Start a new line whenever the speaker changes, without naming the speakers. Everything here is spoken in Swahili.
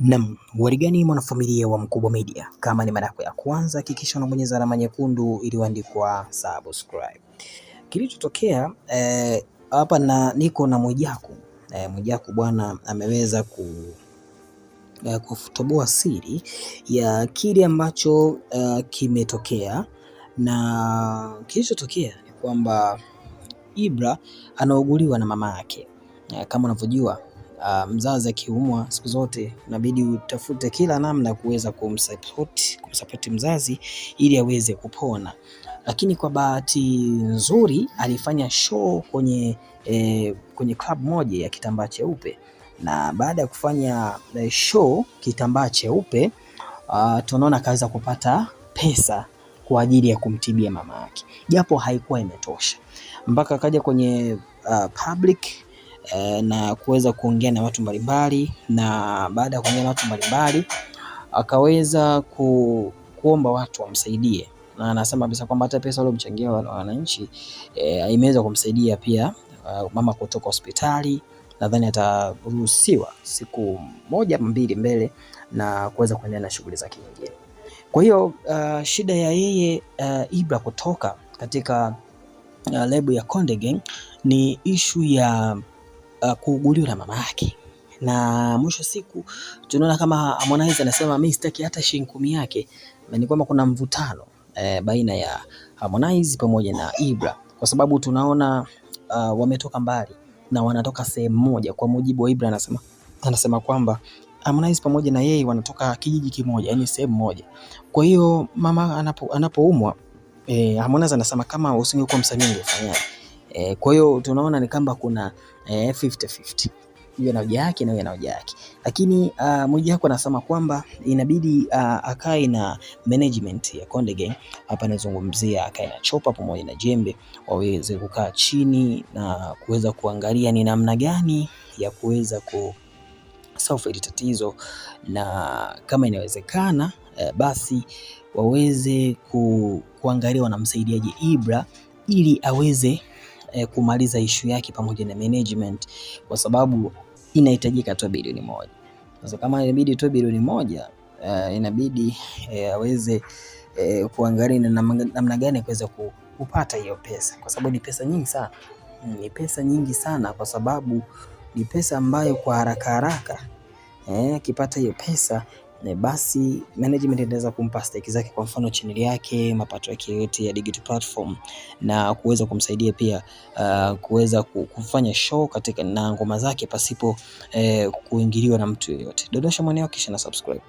Nam warigani mwanafamilia wa Mkubwa Media, kama ni mara yako ya kwanza hakikisha unabonyeza alama nyekundu iliyoandikwa subscribe. Kilichotokea eh, hapa eh, na niko na Mwijaku eh, Mwijaku bwana ameweza ku eh, kutoboa siri ya kile ambacho eh, kimetokea, na kilichotokea ni kwamba Ibra anauguliwa na mama yake eh, kama unavyojua uh, mzazi akiumwa, siku zote unabidi utafute kila namna kuweza kumsupport, kumsupport mzazi ili aweze kupona. Lakini kwa bahati nzuri alifanya show kwenye, eh, kwenye club moja ya kitambaa cheupe, na baada ya kufanya eh, show kitambaa cheupe uh, tunaona akaweza kupata pesa kwa ajili ya kumtibia mama yake, japo haikuwa imetosha mpaka akaja kwenye uh, public Eh, na kuweza kuongea na watu mbalimbali, na baada ya kuongea na watu mbalimbali akaweza ku, kuomba watu wamsaidie na anasema kabisa kwamba hata pesa waliomchangia wananchi e, imeweza kumsaidia pia uh, mama kutoka hospitali. Nadhani ataruhusiwa siku moja ama mbili mbele na kuweza kuendelea na shughuli zake nyingine. Kwa hiyo uh, shida ya yeye uh, Ibra kutoka katika uh, lebu ya Konde Gang ni ishu ya uh, kuuguliwa na mama yake na mwisho siku tunaona kama Harmonize anasema mimi sitaki hata shilingi kumi yake, na ni kwamba kuna mvutano e, baina ya Harmonize pamoja na Ibra, kwa sababu tunaona uh, wametoka mbali na wanatoka sehemu moja. Kwa mujibu wa Ibra anasema, anasema kwamba Harmonize pamoja na yeye wanatoka kijiji kimoja, yani sehemu moja. Kwa hiyo mama anapo anapoumwa e, Harmonize anasema kama usingekuwa msanii ungefanyaje? E, kwa hiyo tunaona ni kama kuna eh, 50-50 hiyo na hoja yake na hiyo na hoja yake, lakini uh, moja wako anasema kwamba inabidi uh, akae na management ya Konde Gang. Hapa anazungumzia akae na Chopa pamoja na Jembe waweze kukaa chini na kuweza kuangalia ni namna gani ya kuweza ku solve tatizo, na kama inawezekana eh, basi waweze ku, kuangalia wanamsaidiaje Ibra ili aweze eh, kumaliza ishu yake pamoja na management, kwa sababu inahitajika tu bilioni moja. Sasa kama inabidi tu bilioni moja eh, inabidi eh, aweze eh, kuangalia na namna gani kuweza kupata hiyo pesa, kwa sababu ni pesa nyingi sana, mm, ni pesa nyingi sana, kwa sababu ni pesa ambayo kwa haraka haraka eh, akipata hiyo pesa Eh, basi management inaweza kumpa stake zake, kwa mfano channel yake, mapato yake yote ya digital platform, na kuweza kumsaidia pia uh, kuweza kufanya show katika na ngoma zake pasipo eh, kuingiliwa na mtu yeyote. dodosha maoni yako kisha na subscribe.